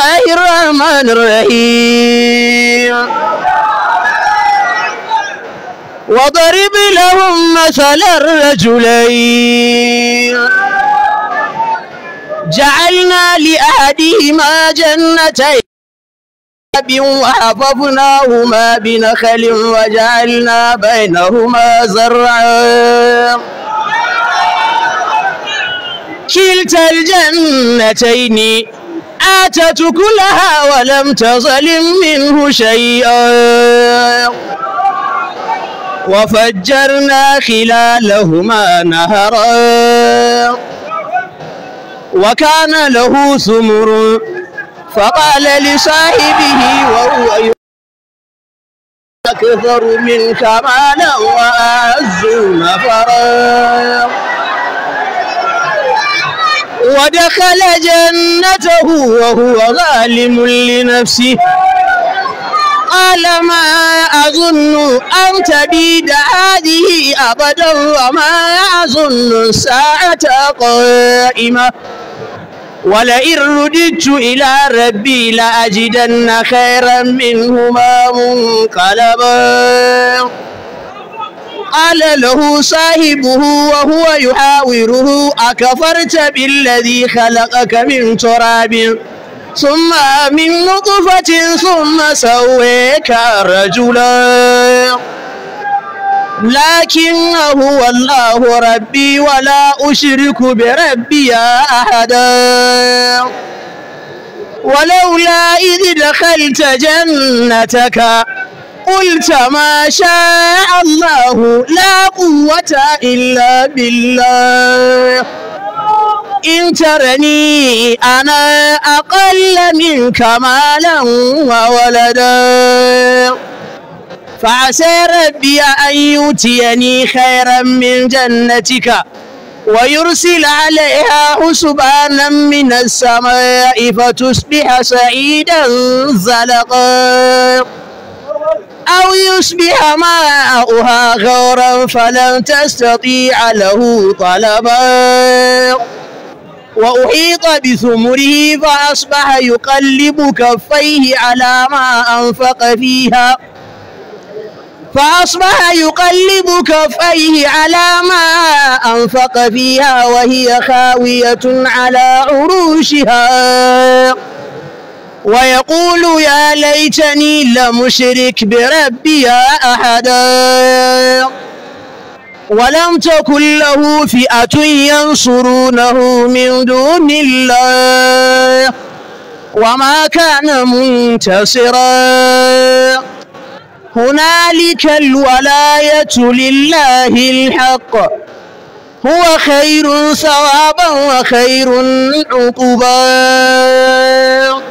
الله الرحمن الرحيم وضرب لهم مثل الرجلين جعلنا لأحدهما جنتين وحففناهما بنخل وجعلنا بينهما زرعا كلتا الجنتين آتت كلها ولم تظلم منه شيئا وفجرنا خلالهما نهرا وكان له ثمر فقال لصاحبه وهو أكثر من كمالا وأعز نفرا ودخل جنته وهو ظالم لنفسه قال ما أظن أن تبيد هذه أبدا وما أظن الساعة قائمة ولئن رددت إلى ربي لأجدن خيرا منهما منقلبا قال له صاحبه وهو يحاوره أكفرت بالذي خلقك من تراب ثم من نطفة ثم سويك رجلا لكن هو الله ربي ولا أشرك بربي أحدا ولولا إذ دخلت جنتك قلت ما شاء الله لا قوة إلا بالله إن ترني أنا أقل منك مالا وولدا فعسى ربي أن يؤتيني خيرا من جنتك ويرسل عليها حسبانا من السماء فتصبح سعيدا زلقا أو يشبه ماؤها غورا فلن تستطيع له طلبا وأحيط بثمره فأصبح يقلب كفيه على ما أنفق فيها فأصبح يقلب كفيه على ما أنفق فيها وهي خاوية على عروشها ويقول يا ليتني لمشرك بربي أحدا ولم تكن له فئة ينصرونه من دون الله وما كان منتصرا هنالك الولاية لله الحق هو خير ثوابا وخير عقبا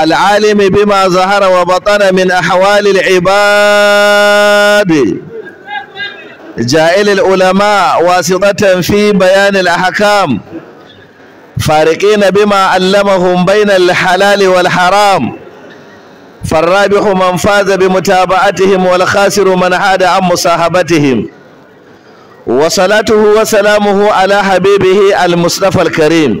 العالم بما ظهر وبطن من أحوال العباد جائل العلماء واسطة في بيان الأحكام فارقين بما علمهم بين الحلال والحرام فالرابح من فاز بمتابعتهم والخاسر من عاد عن مصاحبتهم وصلاته وسلامه على حبيبه المصطفى الكريم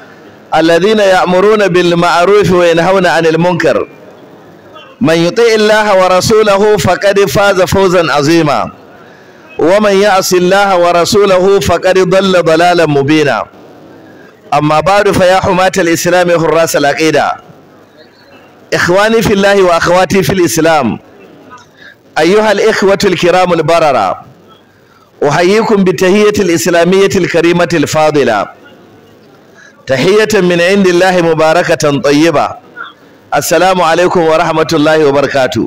الذين يأمرون بالمعروف وينهون عن المنكر من يطيع الله ورسوله فقد فاز فوزا عظيما ومن يعص الله ورسوله فقد ضل ضلالا مبينا أما بعد فيا حماة الإسلام حراس العقيدة إخواني في الله وأخواتي في الإسلام أيها الإخوة الكرام البررة أحييكم بالتهية الإسلامية الكريمة الفاضلة tahiyyatan min indillahi mubarakatan tayyiba assalamu alaikum wa rahmatullahi wa barakatuh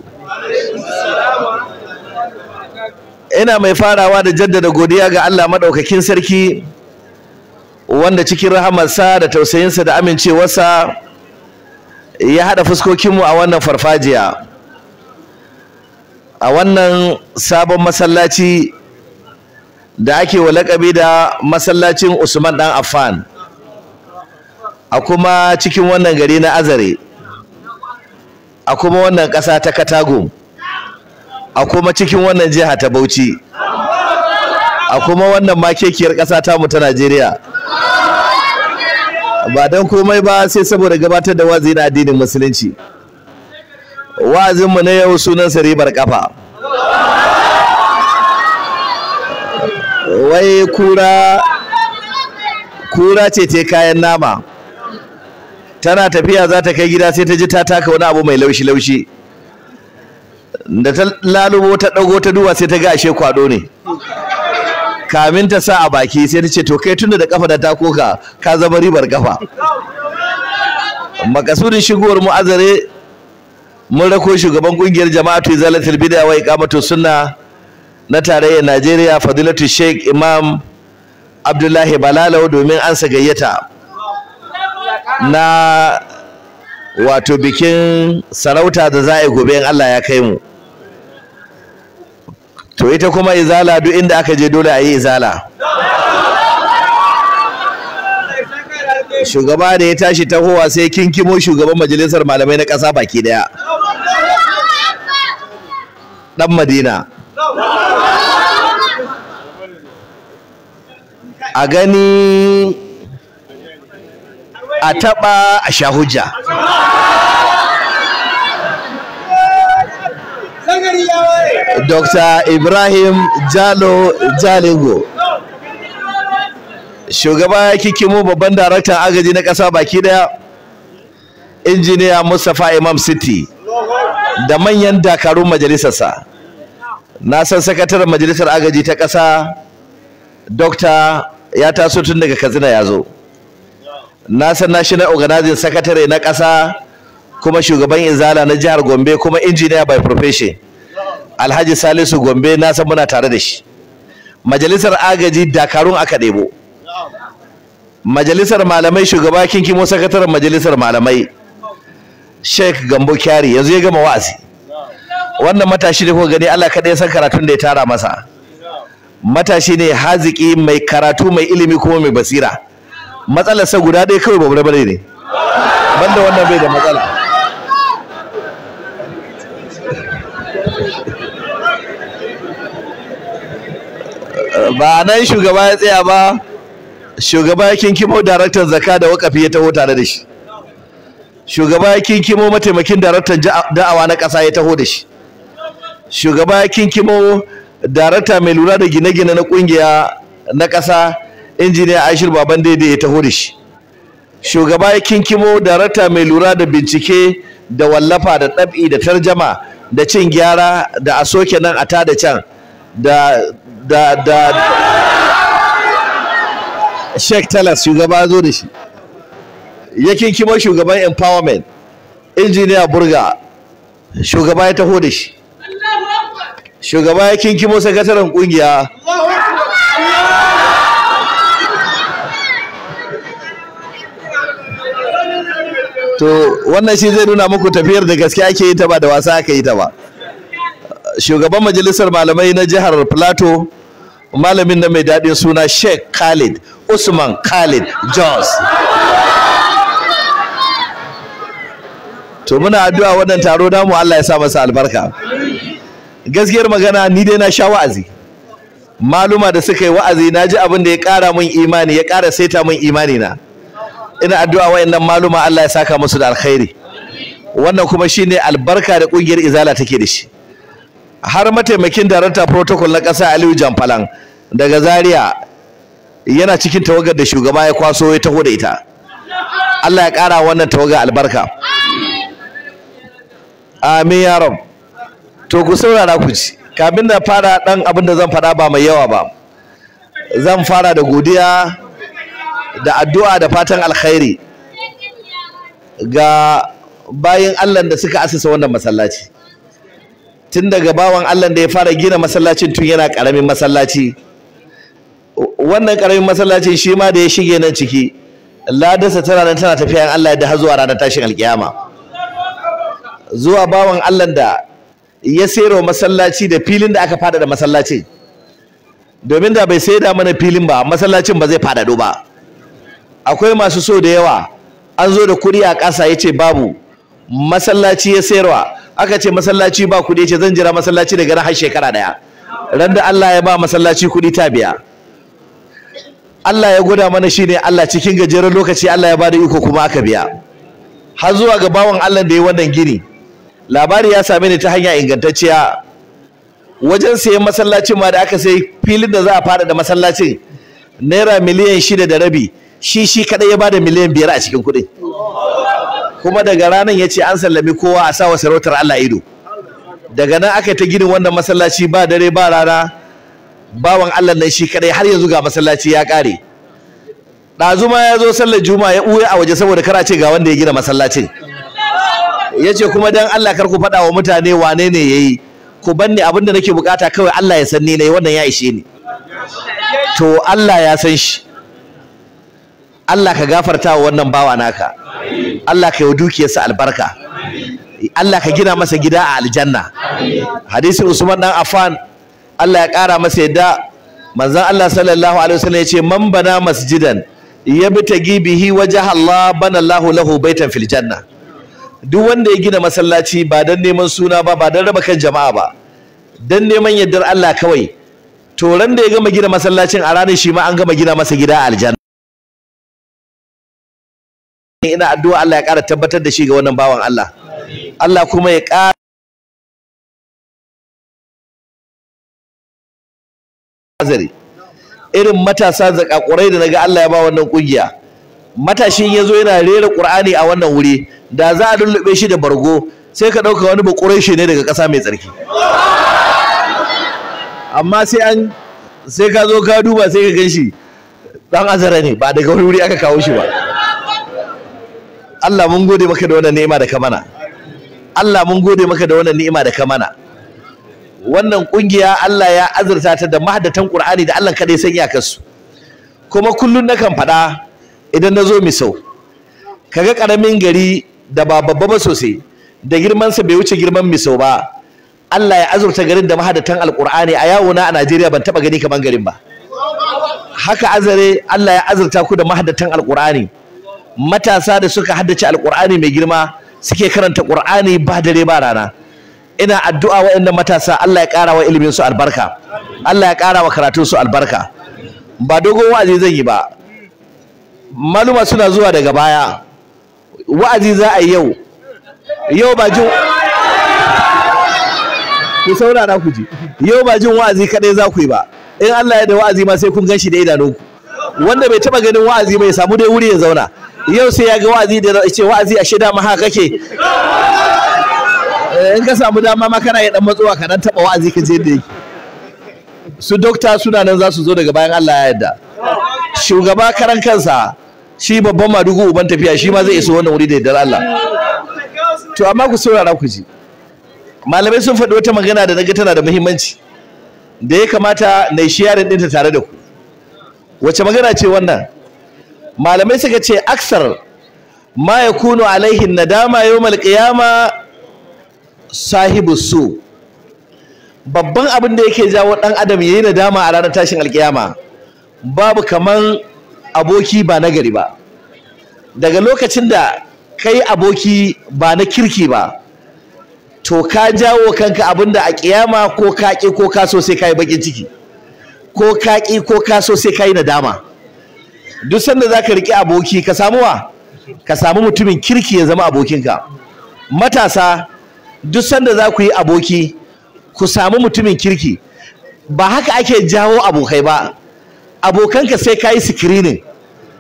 ina mai farawa da jaddada godiya ga Allah madaukakin sarki wanda cikin rahamarsa da tausayinsa da amincewarsa ya haɗa fuskokinmu a wannan farfajiya a wannan sabon masallaci da ake wa lakabi da masallacin Usman dan Affan a kuma cikin wannan gari na azare a kuma wannan ƙasa ta katago, a kuma cikin wannan jiha ta bauchi a kuma wannan makekiyar ƙasa mu ta najeriya ba don komai ba sai saboda gabatar da wazi na addinin musulunci wa'azinmu na yau sunansa ribar kafa wai kura kura ce ta kayan nama tana tafiya za ta kai gida sai ta ji ta taka wani abu mai laushi-laushi da ta lalubo ta ɗago ta duba sai ta ga ashe kwado ne kamin ta sa a baki sai ta ce to kai tunda da kafa da ta koka ka zama ribar kafa makasudin shigowar mu azare mun rako shugaban kungiyar jama'atu zalatul bid'a wa iqamatu sunna na tarayyar Najeriya fadilatu Sheikh Imam Abdullahi Balalo domin an sa gayyata na wato bikin sarauta da za a yi gobe in Allah ya kai mu to ita kuma izala duk inda aka je dole a yi izala shugaba da ya tashi tahowa sai kinkimo shugaban majalisar malamai na ƙasa baki daya dan madina a gani a taɓa a sha hujja Dr. Ibrahim Jalo Jalingo shugaba kikimu babban daraktan agaji na ƙasa baki daya injiniya Mustapha Imam City da manyan dakarun majalisarsa na san sakataren majalisar agaji ta ƙasa Dr. ya taso tun daga Katsina ya zo na san national organizing secretary na kasa kuma shugaban izala na jihar gombe kuma engineer by profession alhaji salisu gombe na muna tare da shi majalisar agaji dakarun aka ɗebo majalisar malamai shugaba mu sakataren majalisar malamai sheikh gambo kyari yanzu ya gama wa'azi wannan matashi ne kuka gani allah kaɗai san karatun da ya tara masa matashi ne haziki mai karatu mai ilimi kuma mai basira matsalar sa guda ɗaya kawai babu rabare ne banda wannan bai da matsala ba nan shugaba ya tsaya ba shugaba ya kinkimo daraktan zaka da wakafi ya taho tare da shi shugaba ya kinkimo mataimakin daraktan da'awa na ƙasa ya taho da shi shugaba ya kinkimo darakta mai lura da gine-gine na ƙungiya na ƙasa injiniya Aishir baban daidai ya taho da shi shugaba ya kinkimo rata mai lura da bincike da wallafa da ɗab'i da tarjama da cin gyara da a soke nan a tada can da da da shek Talas shugaba zo da shi ya kinkimo shugaban empowerment injiniya burga shugaba ya taho da shi shugaba ya kinkimo sakataren kungiya to wannan shi zai nuna muku tafiyar da gaske ake yi ta ba da wasa aka yi ta ba shugaban majalisar malamai na jihar plateau malamin na mai daɗin suna sheikh khalid usman khalid jos to muna addu'a wannan taro namu allah ya sa masa albarka gaskiyar magana ni dai na sha wa'azi maluma da suka yi wa'azi na ji abin da ya ƙara min imani ya ƙara saita min imani na ina addu'a wayannan maluma Allah ya saka musu da alkhairi wannan kuma shine albarka da kungiyar izala take da shi har mataimakin darakta protocol na ƙasa Aliyu Jamfalan daga Zaria yana cikin tawagar da shugaba ya kwaso ya taho da ita Allah ya ƙara wannan tawaga albarka amin ya rab to ku saurara ku ci kafin na fara dan abin da zan fada ba mai yawa ba zan fara da godiya da addu'a da fatan alkhairi ga bayin Allah da suka asasa wannan masallaci tun daga bawan Allah da ya fara gina masallacin tun yana karamin masallaci wannan karamin masallacin shi ma da ya shige nan ciki ladarsa tana nan tana tafiya Allah ya da har zuwa ranar tashin alkiyama zuwa bawan Allah da ya sayarwa masallaci da filin da aka fada da masallacin domin da bai sayar da mana filin ba masallacin ba zai fadado ba akwai masu so da yawa an zo da kuɗi a ƙasa ya ce babu masallaci ya sayarwa aka ce masallaci ba kuɗi ya ce zan jira masallaci daga har shekara ɗaya ran da Allah ya ba masallaci kuɗi ta biya Allah ya gwada mana shi ne Allah cikin gajeren lokaci Allah ya bada iko kuma aka biya har zuwa ga bawan Allah da ya wannan gini labari ya same ni ta hanya ingantacciya wajen sayan masallacin ma da aka sayi filin da za a fara da masallacin naira miliyan shida da rabi shi shi kadai ya bada miliyan biyar a cikin kuɗin kuma daga ranar ya ce an sallami kowa a sawa sarautar Allah ido daga nan aka ta ginin wannan masallaci ba dare ba rana bawan Allah nan shi kadai har yanzu ga masallaci ya kare ɗazu ma ya zo sallar juma'a ya ɓuya a waje saboda kar a ce ga wanda ya gina masallacin ya ce kuma dan Allah kar ku faɗa wa mutane wane ne ya yi ku abin abinda nake bukata kawai Allah ya san ni ne wannan ya ishe ni to Allah ya san shi Allah ka gafarta wa wannan bawa naka Allah ka yi dukiyarsa albarka Allah ka gina masa gida a aljanna hadisin Usman dan Affan Allah ya kara masa yadda manzon Allah sallallahu alaihi wasallam ya ce man bana masjidan yabtagi ta wajha Allah bana Allah lahu baitan fil janna duk wanda ya gina masallaci ba dan neman suna ba ba dan raba kan jama'a ba dan neman yaddar Allah kawai to ran da ya gama gina masallacin a ranar shi ma an gama gina masa gida a aljanna ina addu'a Allah ya ƙara tabbatar da shi ga wannan bawan Allah Allah kuma ya ƙara irin matasa zakakurai da naga Allah ya ba wannan kungiya matashin yazo yana rera Qur'ani a wannan wuri da za a lullube shi da bargo sai ka dauka wani bakurai shi ne daga ƙasa mai tsarki amma sai an sai ka zo ka duba sai ka ganshi dan azara ne ba daga wuri aka kawo shi ba Allah mun gode maka da wannan ni'ima da ka mana Allah mun gode maka da wannan ni'ima da ka mana wannan kungiya Allah ya azurta ta da mahadatan Qur'ani da Allah kadai sanya kasu kuma kullun nakan faɗa idan na zo misau kaga karamin gari da ba babba ba sosai da girman sa bai wuce girman misau ba Allah ya azurta garin da Al-Qur'ani a yawona a Najeriya ban taba gani kaman garin ba haka azare Allah ya azurta ku da mahadatan qurani matasa da suka haddace alqur'ani mai girma suke karanta qur'ani ba dare ba rana ina addu'a waɗannan matasa Allah ya ƙara wa ilimin su albarka Allah ya ƙara wa karatun su albarka ba dogon wa'azi zan yi ba maluma suna zuwa daga baya wa'azi za a yi yau yau ba jin ku saurara ku ji yau ba jin wa'azi kadai za ku yi ba in Allah ya da wa'azi ma sai kun ganshi da idanunku wanda bai taba ganin wa'azi bai samu dai wuri ya zauna yau sai ya ga wa'azi da ce wa'azi ashe dama haka kake eh, in ka samu dama ma kana yi dan matsuwa ka dan taba wa'azi ka je da yake su dokta suna nan za su zo daga bayan Allah ya yarda shugaba karan kansa shi babban madugu uban tafiya shi ma zai iso wannan wuri da yardar Allah to amma ku saurara ku ji malamai sun faɗi wata magana da naga tana da muhimmanci da ya kamata na yi yarin ɗinta tare da ku wace magana ce wannan malamai suka ce aksar ma alaihin alaihi nadama yau malƙiyama sahibu su babban abin da yake jawo ɗan adam ya yi nadama a ranar tashin alƙiyama, babu kamar aboki ba nagari ba daga lokacin da kai aboki ba na kirki ba to ka jawo kanka abin da a ƙiyama ko kaƙi ko ka sai ka yi bakin ciki ko kaƙi ko ka so ka yi nadama duk sanda zaka rike aboki ka samu wa ka samu mutumin kirki ya zama abokinka matasa duk sanda za ku yi aboki ku samu mutumin kirki ba haka ake jawo abokai ba abokanka sai ka yi sikirinin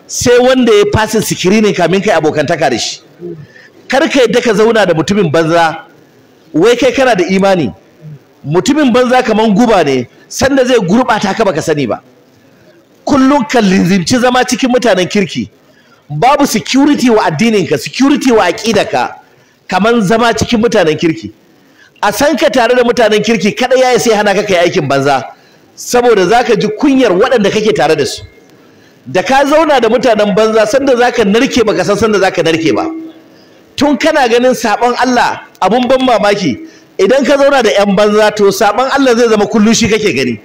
sai wanda ya fasin sikirinin kamin kai abokantaka da shi kar kai daka ka zauna da mutumin banza wai kai kana da imani mutumin banza kaman guba ne sanda zai gurɓata ka baka sani ba kullum ka linzinci zama cikin mutanen kirki babu security wa addininka security wa aqidarka kamar zama cikin mutanen kirki a san ka tare da mutanen kirki kada ya sai hana ka kai aikin banza saboda zaka ji kunyar waɗanda kake tare da su da ka zauna da mutanen banza sanda zaka narke baka san sanda zaka narke ba tun kana ganin sabon Allah abun ban mamaki idan ka zauna da yan banza to sabon Allah zai zama kullu shi kake gani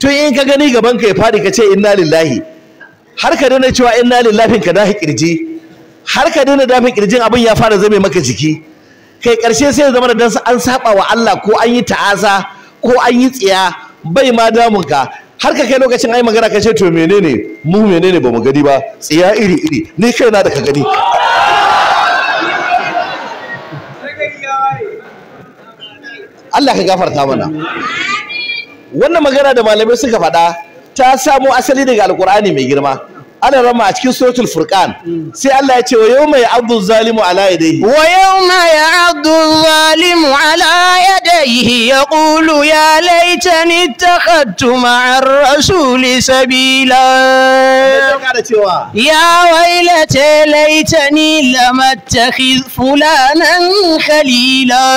tun in ka gani gaban ka ya fadi ka ce inna lillahi har ka daina cewa inna lillahi ka da kirji har ka daina dafi kirjin abin ya fara zame maka jiki kai karshe sai ya zama da dan an saba wa Allah ko an yi ta'aza ko an yi tsiya bai ma damun ka har ka kai lokacin ai magana ka ce to menene mu menene bamu gani ba tsiya iri iri ni kai na da ka gani Allah ka gafarta mana wannan magana da malamai suka faɗa ta samo asali daga alkur'ani mai girma أنا رمى أشكي سورة الفرقان سي الله يتي ويوم يعض الظالم على يديه ويوم يعض الظالم على يديه يقول يا ليتني اتخذت مع الرسول سبيلا يا ويلتى ليتني لم اتخذ فلانا خليلا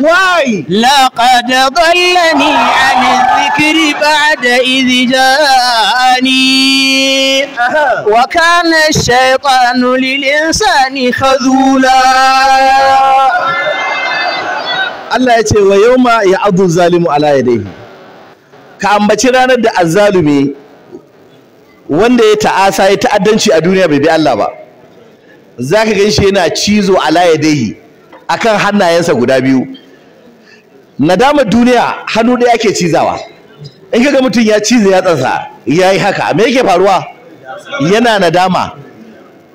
واي لقد ضلني عن الذكر بعد إذ جاءني وكان الشيطان للإنسان خذولا Allah ya ce wa yau ya abu zalimu ala yadaihi ka ambaci ranar da azzalumi wanda ya ta'asa ya ta'addanci a duniya bai bi Allah ba za ka yana cizo ala yadaihi akan hannayensa guda biyu nadamar duniya hannu ɗaya ake cizawa in kaga mutum ya cize yatsansa ya yi haka me yake faruwa yana nadama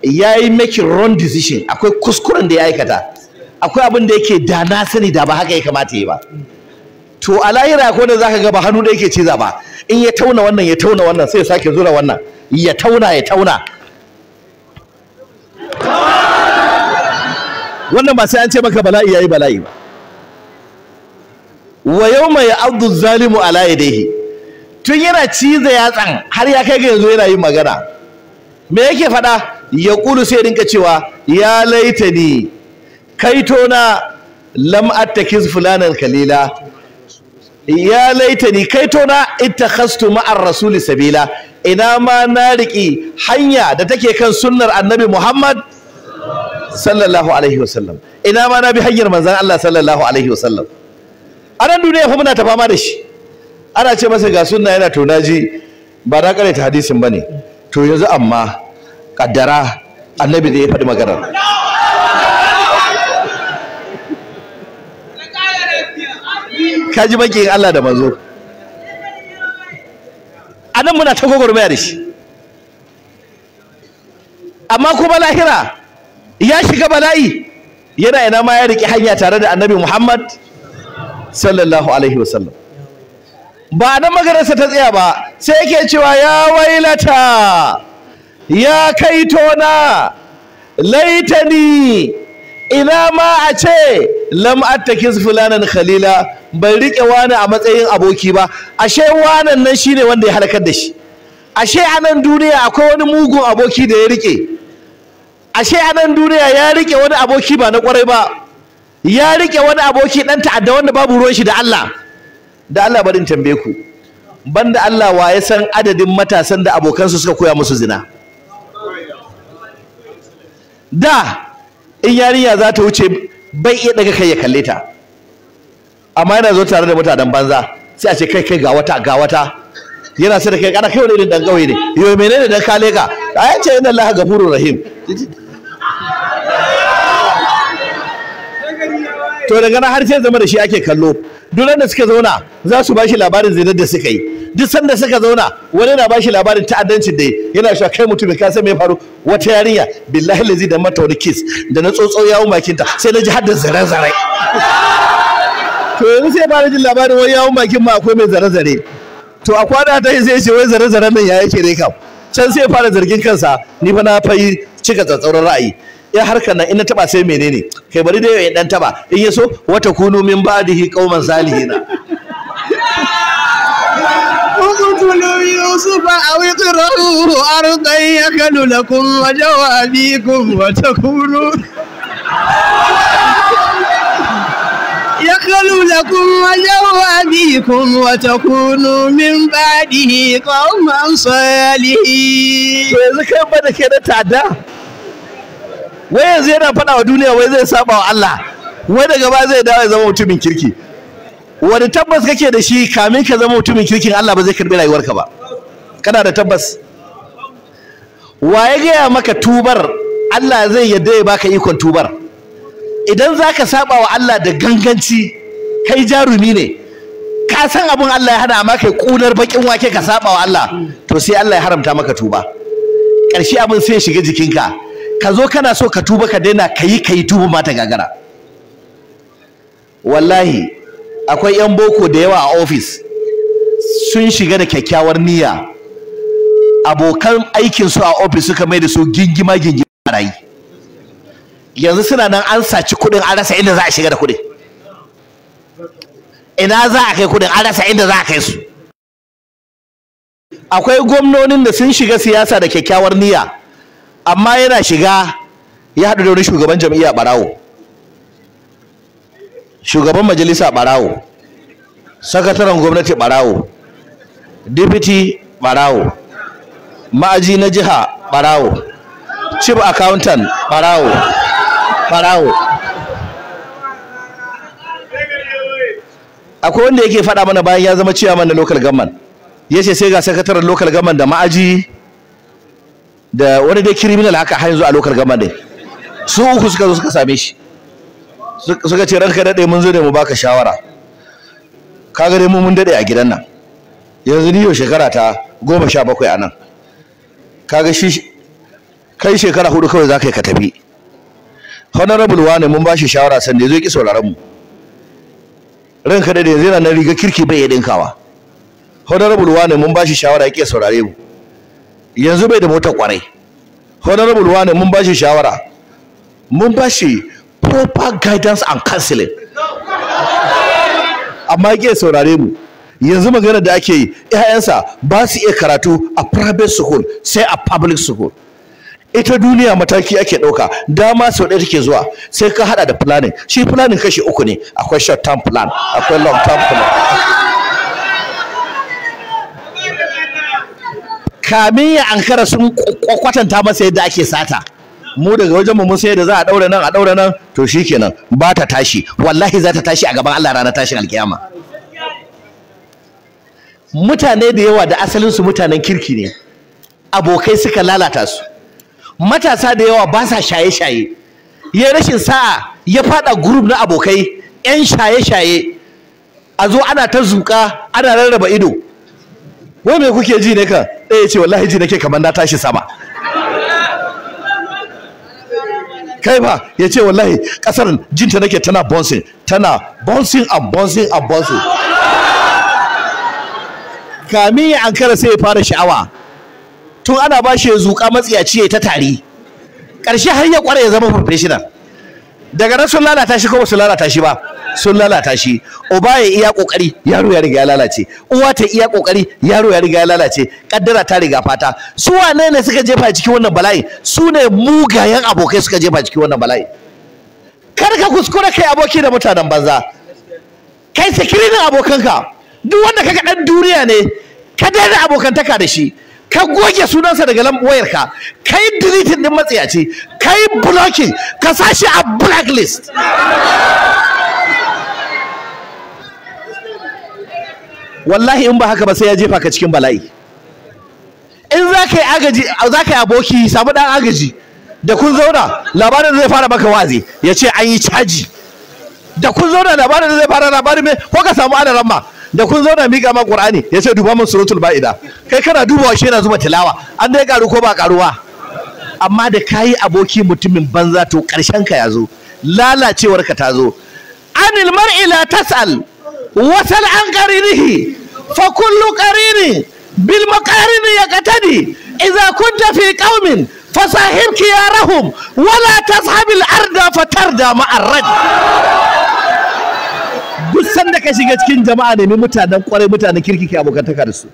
ya yi making wrong decision akwai kuskuren da ya aikata akwai abin da yake da na sani da ba haka ya kamata ya ba to a lahira ko da zaka ga ba hannu da yake ciza ba in ya tauna wannan ya tauna wannan sai ya sake zura wannan ya tauna ya tauna wannan ba sai an ce maka bala'i yayi bala'i ba wa yawma ya'addu zalimu ala yadayhi tun yana ciza yatsan har ya kai ga yanzu yana yin magana me yake faɗa ya ƙulu sai rinka cewa ya laita ni kaito na lam attakis fulanan kalila ya laita ni kaito na ittakhastu ma'ar rasuli sabila ina ma na riƙi hanya da take kan sunnar annabi muhammad sallallahu alaihi wasallam ina ma na bi hanyar manzan allah sallallahu alaihi wasallam a nan duniya fa muna ta fama da shi ana ce masa ga sunna yana to naji ba na kare ta hadisin bane to yanzu amma kaddara annabi zai ya faɗi magana. ka ji bakin Allah da manzo a nan muna ta gwagwarmaya da shi amma kuma lahira ya shiga bala'i yana ina ma ya riƙe hanya tare da annabi Muhammad sallallahu alaihi wasallam ba nan maganarsa ta tsaya ba sai yake cewa ya wailata ya kai tona laitani ina ma a ce lam attakiz fulanan khalila bai rike wani a matsayin aboki ba ashe wanan nan shine wanda ya halakar da shi ashe a nan duniya akwai wani mugun aboki da ya rike ashe a nan duniya ya rike wani aboki ba na kwarai ba ya riƙe wani aboki ɗan ta'adda wanda babu ruwan shi da Allah da Allah barin tambaye ku banda Allah wa ya san adadin matasan da abokansu suka koya musu zina da in yarinya za ta wuce bai iya daga kai ya kalle ta amma yana zo tare da mutanen banza sai a ce kai kai ga wata ga wata yana sai da kai kana kai wani irin dan gawai ne yo menene dan kale ka ya ce inna Allah ghafurur rahim to daga nan har sai zama da shi ake kallo duk da suka zauna za su bashi labarin zinar da suka yi duk sanda suka zauna wani na bashi labarin ta'addancin da yana cewa kai mutum ka san me faru wata yarinya billahi lazi da mata wani kiss da na tsotso yawo makinta sai na ji har da zare-zare to yanzu sai fara jin labarin wani yawo makin ma akwai mai zare-zare to a kwana ta sai ce wai zare zare nan ya yake ne kam can sai fara zargin kansa ni fa na fayi cika tsatsauran ra'ayi ya harkar nan ina taba sai menene kai bari dai ya dan taba in yaso wata kunu min badihi qauman salihina يوسف أو اقرأوه أرضا لكم وجوابيكم وتكونوا لكم وتكونوا من بعده قوما صالحين. wai yanzu yana faɗa wa duniya wai zai saba wa Allah wai daga ba zai dawo ya zama mutumin kirki wani tabbas kake da shi kamin ka zama mutumin kirkin Allah ba zai karbi rayuwarka ba kana da tabbas wa ya gaya maka tubar Allah zai yadda ya baka ikon tubar idan zaka saba wa Allah da ganganci kai jarumi ne ka san abin Allah ya hana amma kai kunar bakin wake ka saba wa Allah to sai Allah ya haramta maka tuba ƙarshe abin sai ya shiga jikinka ka zo kana so ka tuba ka daina ka yi ka yi tuba ma ta gagara wallahi akwai 'yan boko da yawa a ofis sun shiga da kyakkyawar niyya abokan aikinsu a ofis suka mai da su gingima gingima barayi yanzu suna nan an saci kuɗin an rasa inda za a shiga da kuɗin ina za a kai kuɗin an rasa inda za a kai su akwai gwamnonin da sun shiga siyasa da kyakkyawar niyya amma yana shiga ya haɗu da wani shugaban jam'iyya ɓarawo shugaban majalisa ɓarawo sakataren gwamnati ɓarawo dipiti ɓarawo ma'aji na jiha ɓarawo chief accountant ɓarawo ɓarawo akwai wanda yake faɗa mana bayan ya zama ciyaman na local government ya ce sai ga sakataren local government da ma'aji da wani dai criminal haka har yanzu a lokal gama dai su uku suka zo suka same shi suka ce ranka daɗe mun zo da mu baka shawara ka gare mu mun daɗe a gidan nan yanzu ni yau shekara ta goma sha bakwai a nan kaga shi kai shekara hudu kawai za ka yi ka tafi honorable wane mun ba shi shawara sanda ya zo ki sauraron mu ranka daɗe yanzu yana nan riga kirki bai iya ɗinkawa honorable wane mun ba shi shawara ya ƙi saurare mu yanzu bai da motar kwarai honorable wani mun bashi shawara mun bashi proper guidance and counseling amma ke saurare mu yanzu magana da ake yi ƴaƴansa ba su iya karatu a private school sai a public school ita duniya mataki ake ɗauka dama sau ɗaya take zuwa sai ka haɗa da planning shi planning kashi uku ne akwai short term plan akwai long term plan kamin ya ankara sun kwatanta masa yadda ake sata mu daga wajen mu sai da za a ɗaura nan a ɗaura nan to shikenan ba ta tashi wallahi za ta tashi a gaban Allah ranar tashin alkiyama mutane da yawa da asalin su mutanen kirki ne abokai suka lalata su matasa da yawa ba sa shaye-shaye ya rashin sa'a ya fada group na abokai yan shaye-shaye a zo ana ta zuka ana rarraba ido wai me kuke ji ne kan ɗaya ce wallahi ji nake kamar na tashi sama kai ba ya ce wallahi ƙasar jinta nake tana bouncing tana bouncing and bouncing and bouncing kamin ya ankara sai ya fara sha'awa tun ana ba shi ya zuƙa matsiyaci ya ta tari ƙarshe har ya ƙware ya zama professional daga nan sun lalata shi ko ba su lalata shi ba sun lalata shi uba ya iya kokari yaro ya riga ya lalace uwa ta iya kokari yaro ya riga ya lalace kaddara ta riga fata su wane ne suka jefa cikin wannan bala'i su ne mugayen abokai suka jefa cikin wannan bala'i kar ka kuskura kai aboki da mutanen banza kai sikirinin abokanka duk wanda kaga dan duniya ne ka daina abokantaka da shi ka goge sunansa daga wayarka yi deleting din matsiyaci yi blocking ka sa shi a blacklist wallahi in ba haka ba sai ya jefa ka cikin bala'i in za ka yi agaji za ka yi aboki samu dan agaji da kun zauna labarin zai fara maka wazi ya ce an yi caji da kun zauna labarin zai fara labarin mai ko ka samu adaran ma da kun zauna miƙa ma Qur'ani ya ce duba min suratul ba'ida kai kana dubawa shi yana zuba tilawa an dai karu ko ba karuwa amma da kayi aboki mutumin banza to karshen ka ya lalacewar ka tazo zo anil mar'i la tas'al wasal an qarinihi fa kullu qarini bil maqarini yaqtadi idza kunta fi qaumin ya khiyarahum wala tashabil arda fatarda ma'arrad duk sanda ka shiga cikin jama'a nemi mutanen kwarai mutanen kirki ke abokantaka da su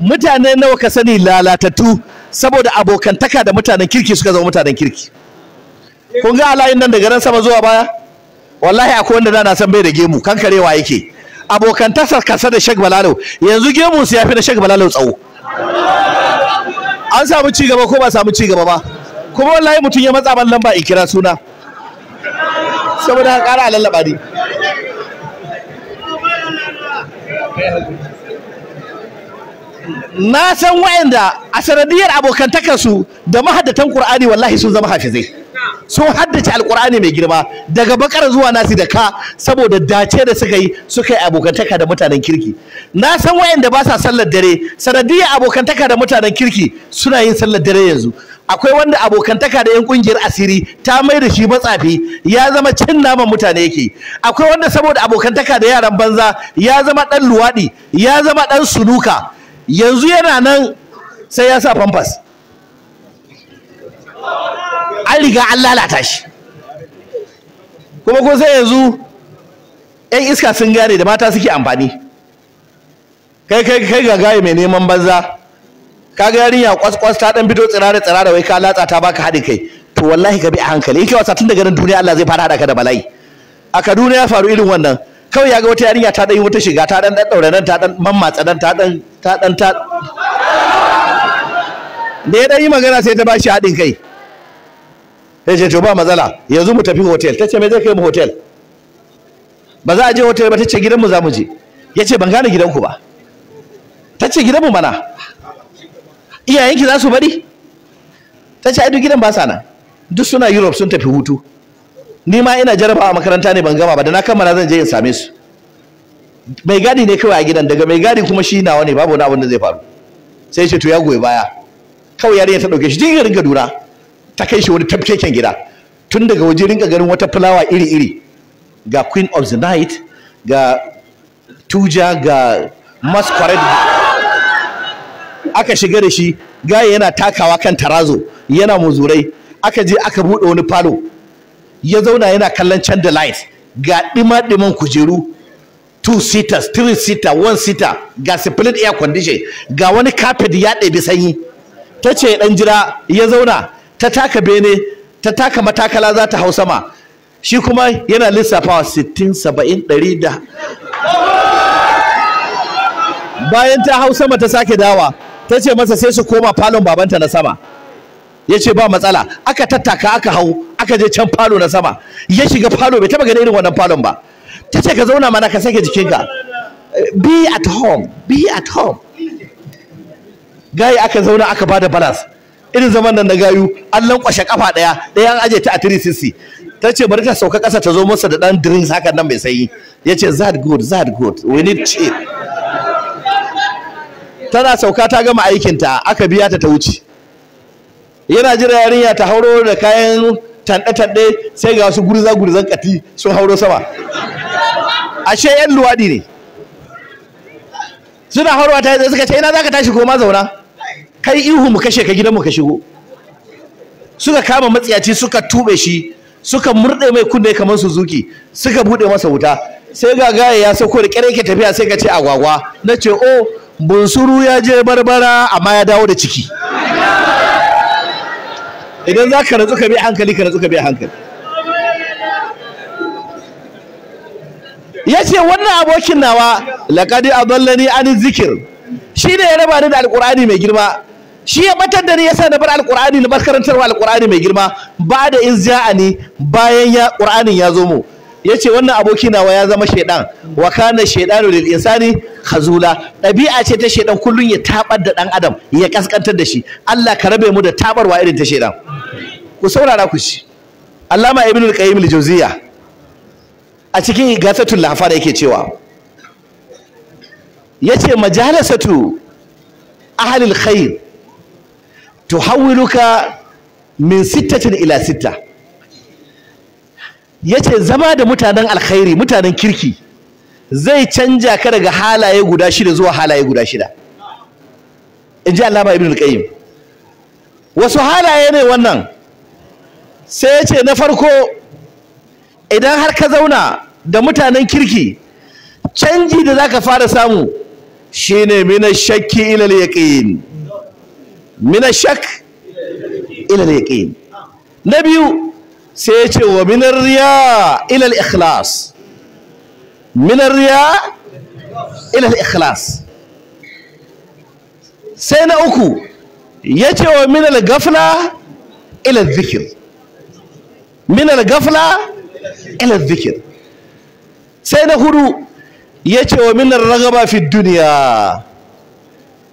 mutane nawa ka sani lalatattu saboda abokantaka da mutanen kirki suka zama mutanen kirki kun ga alayin nan daga ran sama zuwa baya wallahi akwai wanda da na san bai da gemu kankarewa yake abokantasar kasa da Sheikh Balalo yanzu gemu su yafi na Sheikh Balalo tsawo an samu ci gaba ko ba samu ci gaba ba kuma wallahi mutum ya matsa ban lamba ikira suna saboda ƙara lallaba ne na san wa'anda a sanadiyar abokantakarsu da mahaddatan Qur'ani wallahi sun zama hafizai sun haddace alkur'ani mai girma daga bakar zuwa nasi da ka saboda dace da suka yi suka yi abokantaka da mutanen kirki na san wayanda ba sa sallar dare sanadiyar abokantaka da mutanen kirki suna yin sallar dare yanzu akwai wanda abokantaka da yan kungiyar asiri ta mai da shi matsafi ya zama cin naman mutane yake akwai wanda saboda abokantaka da yaran banza ya zama dan luwadi ya zama dan sunuka yanzu yana nan sai ya sa famfas an riga an lalata shi kuma ko sai yanzu yan iska sun gane da mata suke amfani kai kai ga gaye mai neman banza kaga yarinya kwaskwas ta dan fito tsirare tsirare wai ka latsa ta baka haɗin kai to wallahi ka bi a hankali kai wasa tun daga nan duniya Allah zai fara hada ka da bala'i a Kaduna ya faru irin wannan kawai ya ga wata yarinya ta dan yi wata shiga ta dan dan daure nan ta dan mammatsa nan ta dan ta dan ta da ya dan yi magana sai ta bashi haɗin kai sai ce to ba matsala yanzu mu tafi hotel ta ce me zai kai mu hotel ba za a je hotel ba ta ce gidanmu za mu je ya ce ban gane gidanku ba ta ce gidanmu mana iyayenki za su bari ta ce duk gidan basa sa nan duk suna Europe sun tafi hutu ni ma ina jarabawa makaranta ne ban gama ba da na kammala zan je in same su mai gadi ne kawai a gidan daga mai gadi kuma shi nawa ne babu wani abin zai faru sai ce to ya goyi baya kawai yarinya ta dauke shi je ringa dura ta kai shi wani tafkeken gida tun daga waje ringa ganin wata fulawa iri iri ga queen of the night ga tuja ga masquerade aka shiga da shi gaya yana takawa kan tarazo yana muzurai aka je aka buɗe wani falo ya zauna yana kallon can da ga ɗima-ɗiman kujeru two seaters three seater one seater ga split air condition ga wani carpet ya ɗebi sanyi ta ce ɗan jira ya zauna ta taka bene ta taka matakala za ta hau sama shi kuma yana lissafawa sittin saba'in ɗari da bayan ta hau sama ta sake dawa ta ce masa sai su koma falon babanta na sama ya ce ba matsala aka tattaka aka hau aka je can falo na sama ya shiga falo bai taba gani irin wannan falon ba ta ce ka zauna mana ka sake jikinka be at home be at home gayi aka zauna aka bada balas. irin zaman nan na gayu an lankwashe kafa daya daya an aje ta a 360 ta ce bari ta sauka kasa ta zo masa da dan drinks haka nan mai sanyi ya ce that good that good we need chill tana sauka ta gama aikinta aka biya ta ta wuce yana jira yarinya ta hauro da kayan tanɗe-tanɗe sai ga wasu gurza-gurzan kati sun hauro sama ashe yan luwaɗi ne suna haurowa ta yanzu suka ce ina za ka tashi koma zauna kai ihu mu kashe ka gidan mu ka shigo suka kama matsiyaci suka tube shi suka murɗe mai kunne kamar su zuki, suka buɗe masa wuta sai ga gaya ya sauko da kyar yake tafiya sai ka ce agwagwa na ce oh bunsuru ya je barbara amma ya dawo da ciki idan za ka rantsu ka bi hankali ka rantsu ka bi hankali ya ce wannan abokin nawa laƙadi adallani an zikir shi ne ya raba ni da alƙur'ani mai girma shi ya batar da ni yasa na bar alƙur'ani na bar karantarwa alƙur'ani mai girma ba da in ja'ani bayan ya ƙur'anin ya zo mu Ya ce wannan aboki nawa ya zama shaidan wa kana shaidanu lil insani khazula ɗabi'a ce ta shaidan kullun ya tabar da dan adam ya kaskantar da shi Allah ka rabe mu da tabarwa irin ta shaidan ku saurara ku shi Allama Ibnul qayyim al-Jawziyya a cikin Gathatul Lahfar yake cewa yace majalasatu ahli al-khair tuhawiluka min sittatin ila sittah yace zama da mutanen alkhairi mutanen kirki zai canja ka daga halaye guda shida zuwa halaye guda shida in ji Allama Ibn al wasu halaye ne wannan sai yace na farko idan har ka zauna da mutanen kirki canji da zaka fara samu shine mina shakki ila al-yaqin mina shak ila al-yaqin na biyu sai ya ce wa minar riya ilal ikhlas minar riya ilal ikhlas sai na uku ya ce wa minal gafla ilal zikir minal gafla ilal zikir sai na hudu ya ce wa minar ragaba fi duniya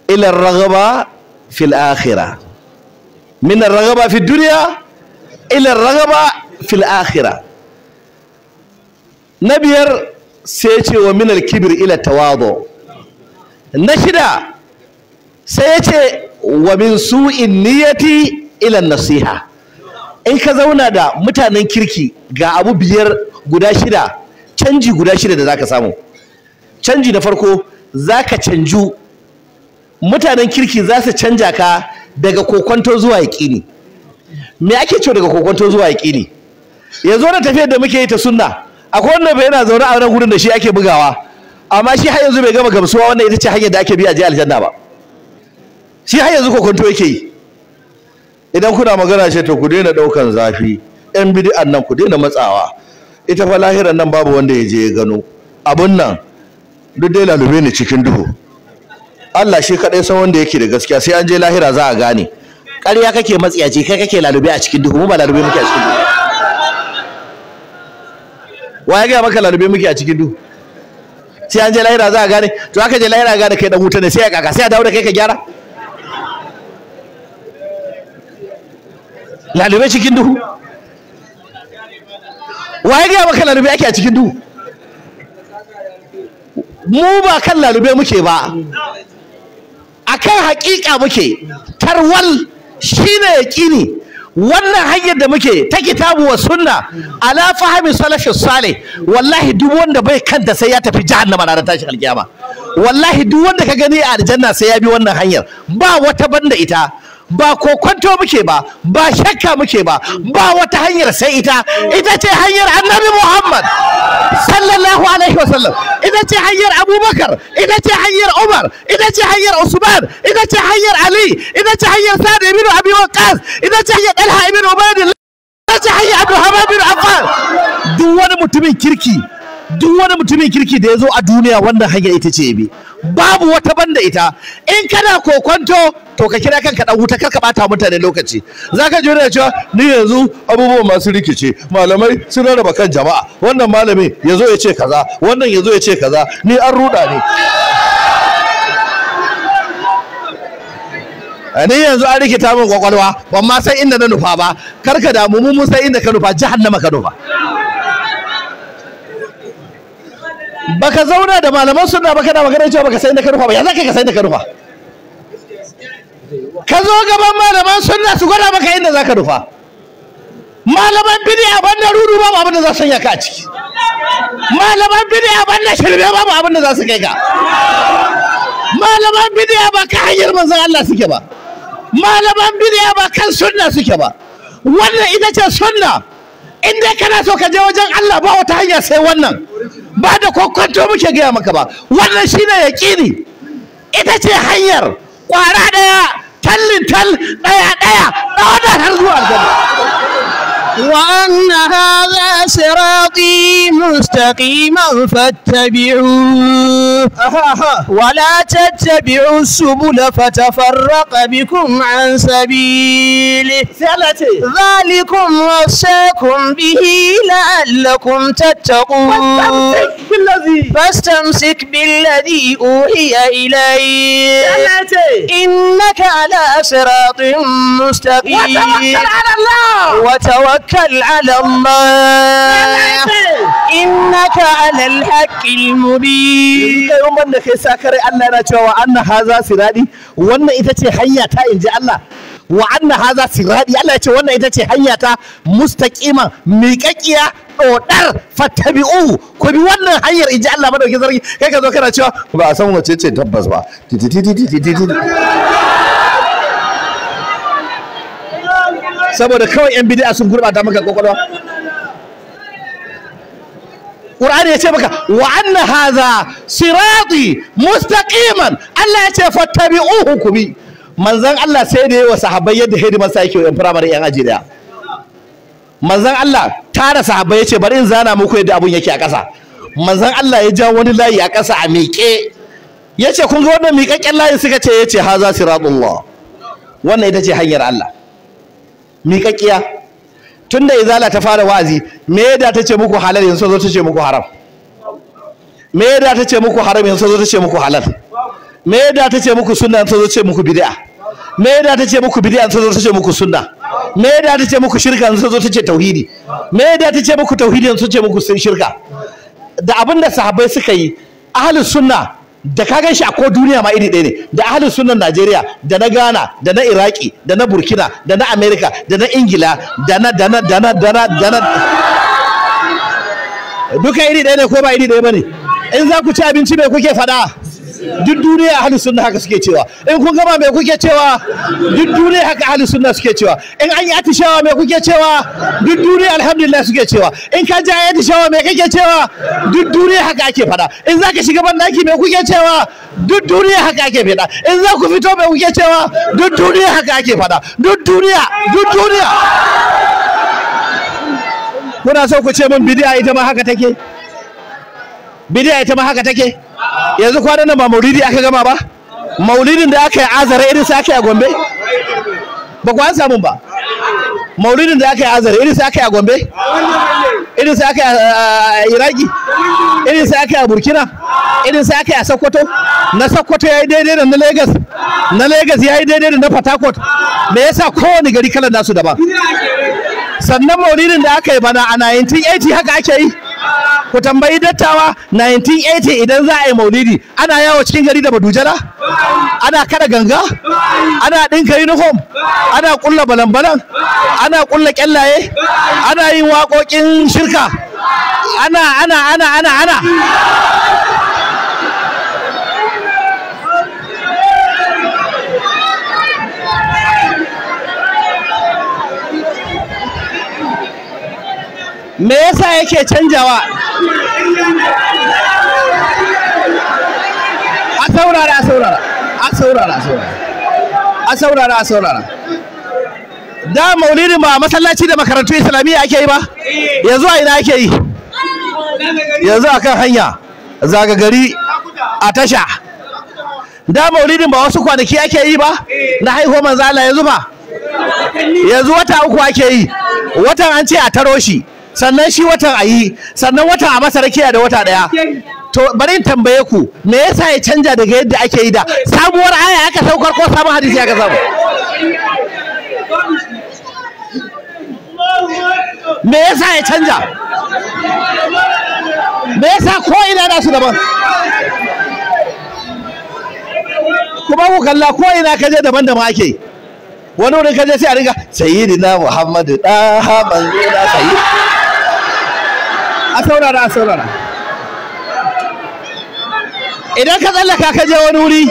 ilal ragaba fil akhira minar ragaba fi duniya ila ragaba fil akhira na biyar sai ce wa minal kibir ila tawadu na shida sai ya ce wa min su'in niyyati ila nasiha in ka zauna da mutanen kirki ga abu biyar guda shida canji guda shida da zaka samu canji na farko zaka canju mutanen kirki za su canja ka daga kokwanto zuwa yaƙini me ake cewa daga kokonto zuwa yaƙini yanzu wannan tafiyar da muke yi ta sunna akwai wanda bai yana zaune a wannan gurin da shi ake bugawa amma shi har yanzu bai gama gamsuwa wannan ita ce hanyar da ake bi a je aljanna ba shi har yanzu kokonto yake yi idan kuna magana ce to ku daina ɗaukan zafi yan bid'an nan ku daina matsawa ita fa lahiran nan babu wanda ya je ya gano abun nan duk dai lalube ne cikin duhu Allah shi kaɗai san wanda yake da gaskiya sai an je lahira za a gane ƙarya kake matsiyaci kai kake lalube a cikin duhu mu ba lalube muke a cikin duhu wa ya gaya maka lalube muke a cikin duhu sai an je lahira za a gane to aka je lahira gane kai dan wuta ne sai ya kaka sai a dawo da kai ka gyara lalube cikin duhu wa ya gaya maka lalube ake a cikin duhu mu ba kan lalube muke ba akan hakika muke tarwal shine yaqini wannan hanyar da muke ta kitabu wa sunna ala fahmi salafus salih wallahi duk wanda bai kanta sai ya tafi jahannama ranar tashi alkiyama wallahi duk wanda ka gani a aljanna sai ya bi wannan hanyar ba wata banda ita ba kokonto muke ba ba shakka muke ba ba wata hanyar sai ita ita ce hanyar annabi muhammad sallallahu alaihi wasallam ita ce hanyar abubakar ita ce hanyar umar ita ce hanyar usman ita ce hanyar ali ita ce hanyar sa'ad ibn abi waqas ita ce hanyar dalha ibn ubaidillah ita ce hanyar hamad bin affan duk wani mutumin kirki duk wani mutumin kirki da ya zo a duniya wanda hanyar ita ce bi babu wata banda ita in kana kokonto to ka kira kanka dan wuta ka bata mutane lokaci zaka ji da cewa ni yanzu abubuwan masu rikice malamai sun raba kan jama'a wannan malami yazo ya ce kaza wannan yazo ya ce kaza ni an ruda ne ni yanzu an rikita min kwakwalwa ban ma san inda na nufa ba kar ka damu mu mun san inda ka nufa jahannama ka nufa baka zauna da malaman sunna ba kana magana cewa baka sai da ka rufa ba ya zaka ka sai da ka rufa ka zo gaban malaman sunna su gwada maka inda zaka rufa malaman a banda rudu babu abin da za su sanya ka a ciki malaman a banda shirme babu abin da za su kai ka malaman a ba ka hanyar manzon Allah suke ba malaman a ba kan sunna suke ba wannan ita ce sunna in dai kana so ka je wajen Allah ba wata hanya sai wannan ba da kokonto muke gaya maka ba wannan shine yaƙini ita ce hanyar ƙwara ɗaya tallin tal ɗaya ɗaya ɗawa da har zuwa aljanna وأن هذا صراطي مستقيما فاتبعوه ولا تتبعوا السبل فتفرق بكم عن سبيله ذلكم وصاكم به لعلكم تتقون فاستمسك بالذي أوحي إليه إنك على صراط مستقيم وتوكل على الله وتوكل وتوكل على الله إنك على الحق المبين يوم أنك ساكر الله نتوى وأن هذا سرادي وأن إذا تحيا تاين جاء الله وأن هذا سرادي الله يتوى وأن إذا تحيا تحيى مستقيما ميكاكيا ɗodar fattabi'u ku bi wannan hanyar in ji كذا كذا sarki kai ka zo kana cewa ba a san wace ce tabbas ba saboda kawai yan bid'a sun gurbata maka kokolwa Qur'ani ya ce maka wa anna hadha sirati mustaqiman Allah ya ce fattabi'uhu kubi manzon Allah sai da yawa sahabbai yadda hidimar sai yake yan primary yan aji daya manzon Allah tara sahabbai ya ce bari in zana muku yadda abun yake a ƙasa manzon Allah ya ja wani layi a ƙasa a miƙe yace ce kun ga wannan miƙaƙƙen layin suka ce ya ce haza siratullah wannan ita ce hanyar Allah miƙaƙiya tun da izala ta fara wa'azi me da ta ce muku halal yanzu zo ta ce muku haram me da ta ce muku haram yanzu zo ta ce muku halal me da ta ce muku sunna yanzu zo ta ce muku bid'a me da ta ce muku bid'a yanzu zo ta ce muku sunna me da ta ce muku shirka yanzu zo ta ce tauhidi me da ta ce muku tauhidi yanzu ce muku shirka da abin da sahabbai suka yi ahlus sunna da ka gan shi a ko duniya ma iri ɗaya ne da ahalin sunan Najeriya da na Ghana da na Iraki da na Burkina da na Amerika da na Ingila da na da na da na da na da na duka iri ɗaya ne ko ba iri ɗaya ba ne in za ku ci abinci mai kuke faɗa duk duniya ahli sunna haka suke cewa in kun gama me kuke cewa duk duniya haka ahli sunna suke cewa in an yi atishawa me kuke cewa duk duniya alhamdulillah suke cewa in ka ji shawa me kake cewa duk duniya haka ake fada in za ka shiga bandaki me kuke cewa duk duniya haka ake fada in za ku fito me kuke cewa duk duniya haka ake fada duk duniya duk duniya kuna so ku ce min bidiya ita ma haka take bidiya ita ma haka take yanzu kwanan nan ba maulidi aka gama ba maulidin da aka yi azare irin sa aka yi a gombe ba ku an samu ba maulidin da aka yi azare irin sa aka yi a gombe irin sa aka yi a iraki irin sa aka yi a burkina irin sa aka yi a sokoto na sokoto ya yi daidai da na lagos na lagos ya yi daidai da na port harcourt me yasa kowane gari kalan nasu daban sannan maulidin da aka yi bana a 1980 haka ake yi ku tambayi dattawa 1980 idan za a yi maulidi ana yawo cikin gari da badujala ana kada ganga ana ɗinka uniform ana ƙulla balambalan ana ƙulla ƙyallaye ana yin waƙoƙin shirka ana ana ana ana ana me yasa yake canjawa a saurara a saurara a saurara a saurara a saurara a saurara da maulidin ba masallaci da makarantu islamiyya ake yi ba yanzu a ina ake yi yanzu a kan hanya zaga gari a tasha da maulidin ba wasu kwanaki ake yi ba na haihuwa manzo Allah yanzu ba yanzu wata uku ake yi watan an ce a taro shi sannan shi watan a yi sannan watan a masa rakiya da wata daya to bari in tambaye ku me yasa ya canja daga yadda ake yi da sabuwar aya aka saukar ko sabon hadisi aka samu me yasa ya canja me yasa ko ina da su daban kuma ku kalla ko ina kaje daban-daban ake wani wurin kaje sai a riga sayyidina muhammadu ɗaha manzo na sayi a saurara a saurara idan ka tsallaka ka je wani wuri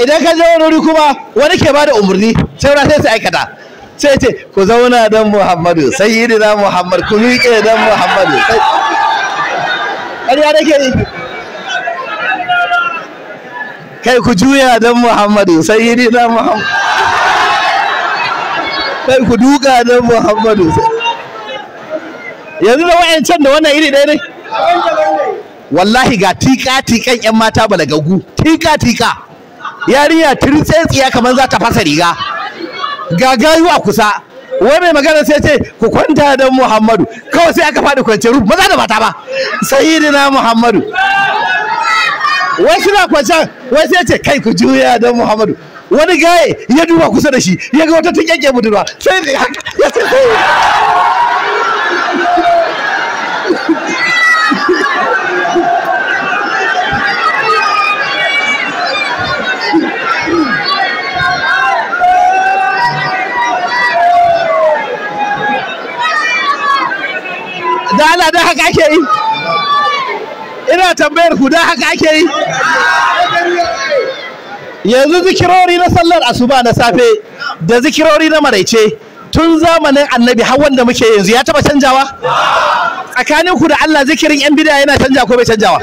idan ka je wani wuri kuma wani ke bada umarni sai wani sai su aikata sai ce ku zauna don muhammadu sai yi da muhammad ku miƙe don muhammadu ƙarya nake yi kai ku juya don muhammadu sai yi da muhammadu kai ku duka don muhammadu sai yanzu da can da wannan iri ɗaya ne wallahi ga tika tikan yan mata balagagu tika tika yarinya tirtsetsiya kamar za ta fasa riga ga gayu a kusa wai mai magana sai ce ku kwanta da Muhammadu kawai sai aka faɗi kwance rubu maza da mata ba sayyidina Muhammadu wai suna kwancan wai sai ce kai ku juya da Muhammadu wani gaye ya duba kusa da shi ya ga wata tukyake budurwa sai ya ce sai da Allah da haka ake yi ina tambayar ku da haka ake yi yanzu zikirori na sallar asuba na safe da zikirori na maraice tun zamanin annabi har wanda muke yanzu ya taba canjawa tsakanin ku da Allah zikirin yan bid'a yana canja ko bai canjawa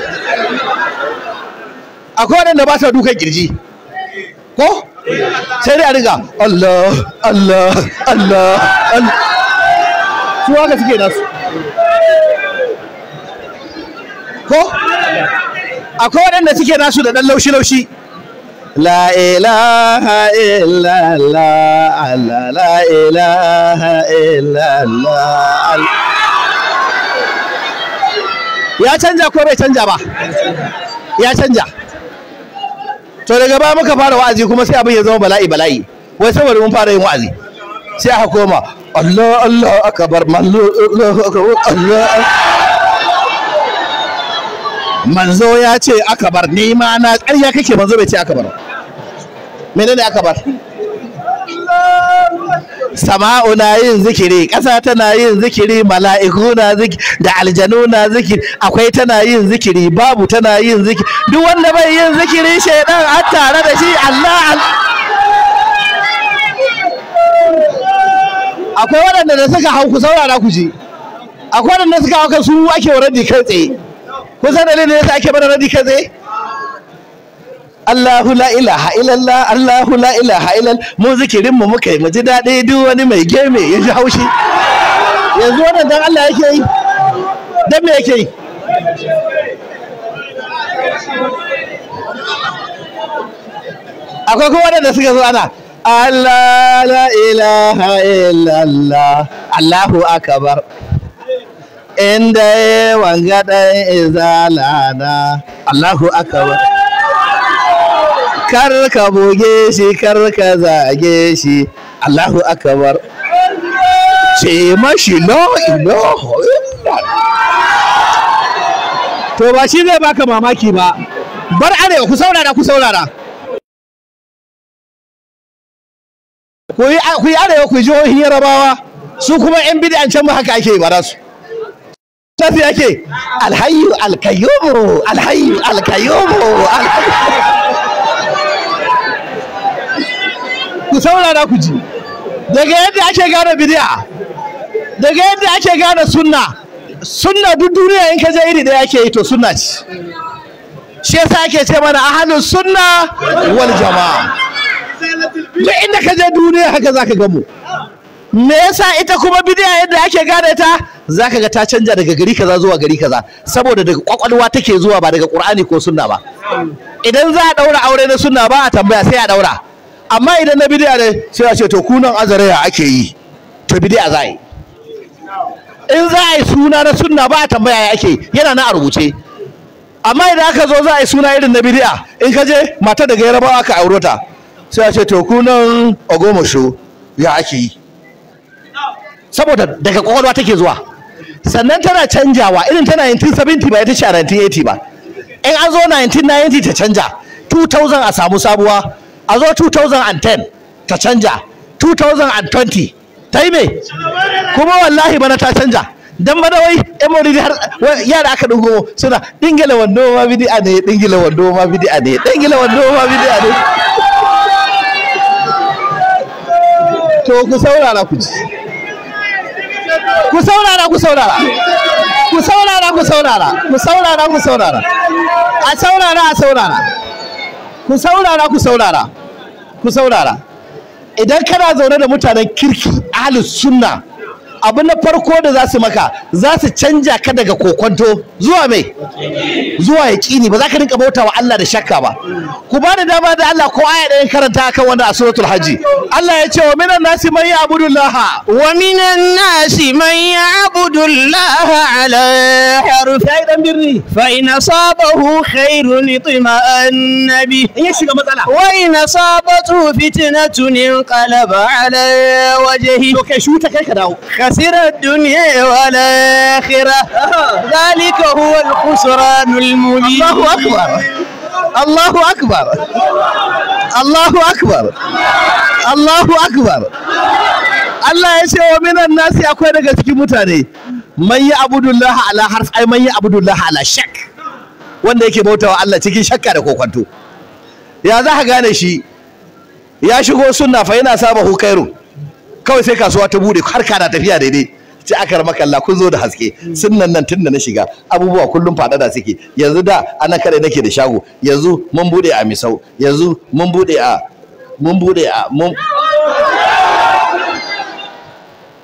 akwai wanda ba ta dukan kirji ko sai dai a riga Allah Allah Allah Allah su haka suke nasu ko akwai waɗanda suke nasu da ɗan laushi-laushi la ilaha illallah la ilaha illallah ya canja ko bai canja ba ya canja to daga ba muka fara wa'azi kuma sai abin ya zama bala'i bala'i wai saboda mun fara yin wa'azi sai aka koma Allah Allah akabar Allah Allah manzo ya ce akabar ni ma na ƙarya kake manzo bai ce akabar menene akabar sama'u na yin zikiri ƙasa tana yin zikiri mala'iku na zikiri da aljanu na zikiri akwai tana yin zikiri babu tana yin zikiri duk wanda bai yin zikiri shaidan an tare da shi Allah akwai waɗanda da suka hau ku saurara ku ji akwai waɗanda suka hau su ake wa radi kai tsaye kun san dalilin yasa ake mana radi ka tsaye Allahu la ilaha illallah Allahu la ilaha illal mu zikirin mu muka yi mu ji daɗi duk wani mai geme ya ji haushi yanzu wannan dan Allah yake yi dan me yake yi akwai kuma waɗanda suka zo ana Allah la ilaha illallah Allahu akbar inda ya wanga ɗan izala na Allahu akabar kar ka buge shi kar ka zage shi Allahu akabar ce mashi la ilaha to ba shi zai baka mamaki ba bar arewa ku saurara ku saurara ku yi arewa ku ji jihohin yarabawa su kuma yan bid'an can mu haka ake yi ba su tafi ake alhayu alkayyumu alhayu alkayyumu ku saurara ku ji daga yadda ake gane bidiya daga yadda ake gane sunna sunna duk duniya in ka je iri daya ake yi to sunna ce shi yasa ake ce mana ahlus sunna wal jamaa duk inda ka je duniya haka zaka ka gamu. me yasa ita kuma bidiya yadda ake gane ta zaka ga ta canja daga gari kaza zuwa gari kaza saboda daga kwakwalwa take zuwa ba daga qur'ani ko sunna ba idan za a daura aure na sunna ba a tambaya sai a daura amma idan na bidiya ne sai a ce to kunan azaraya ake yi to bidiya za yi in za a yi suna na sunna ba a tambaya ya ake yana na a rubuce amma idan aka zo za a yi suna irin na bidiya in ka je mata daga yarabawa aka auro ta sai a ce to kunan ogomosho ya ake yi saboda daga kwakwalwa take zuwa sannan tana canjawa irin ta 1970 ba ita ce a 1980 ba in an zo 1990 ta canja 2000 a samu sabuwa a zo 2010 ta canja 2020 ta yi me kuma wallahi bana ta canja dan bana wai yan har yara aka dugo suna dingila wando ma bid'a ne dingila wando ma bid'a ne dingila wando ma bid'a ne to ku saurara ku ji ku saurara ku saurara ku saurara ku saurara ku saurara ku saurara a saurara a saurara ku saurara ku saurara ku saurara idan kana zaune da mutanen kirki ahlus sunna abin da farko da za su maka za su canja ka daga kokonto zuwa mai zuwa ya kini, ba za ka rinka bauta wa Allah da shakka ba ku ba da dama da Allah ko aya ɗayan karanta kan wannan a suratul haji Allah ya ce wa minan nasi man ya'budu Allah wa minan nasi man ya'budu Allah ala harfi ai dan birni fa in asabahu khairun itma'anna bi in ya shiga matsala wa in asabatu fitnatun inqalaba ala wajhi to kai shuta kai ka dawo khasira الدنيا والآخرة ذلك هو الخسران المبين الله أكبر الله أكبر الله أكبر الله أكبر الله ya ce الناس minan nasi akwai daga cikin mutane man yi abudullah ala harf ai man yi abudullah wanda yake bauta wa Allah cikin shakka da kokonto ya za ka gane shi ya shigo sunna fa yana saba hukairu kawai sai kasuwa ta bude har kana tafiya daidai ci aka rama kalla kun zo da haske mm. sun nan tunda na shiga abubuwa kullum da suke yanzu da ana kare nake da shago yanzu mun bude a misau yanzu mun bude a mun bude a mun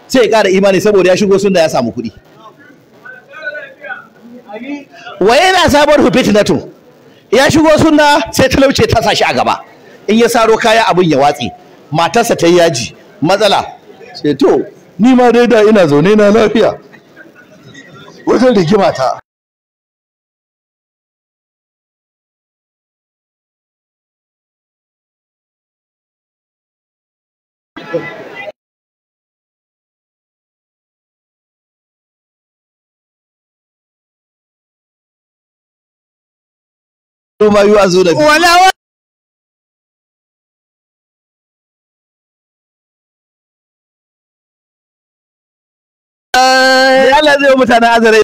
sai ya ƙara imani saboda ya shigo sun da ya samu kuɗi wa yana sabuwar hufitinatu ya shigo sunna sai talauce ta sashi a gaba in ya saro kaya abin ya watsi? matarsa ta yaji matsala sai to ni ma dai da ina zaune na lafiya wajen rigima ta ma yi da Allah zai wa mutanen Azare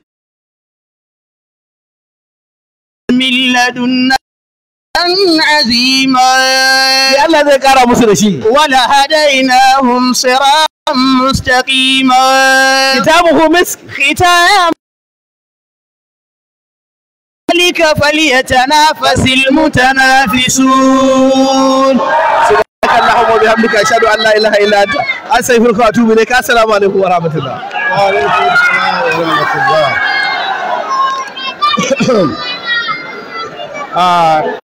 min ladunna عظيما الله زي صراطا مستقيما كتابه مسك ختام ذلك فليتنافس المتنافسون subhanaka allahumma wa bihamdika ashhadu an la ilaha illa anta astaghfiruka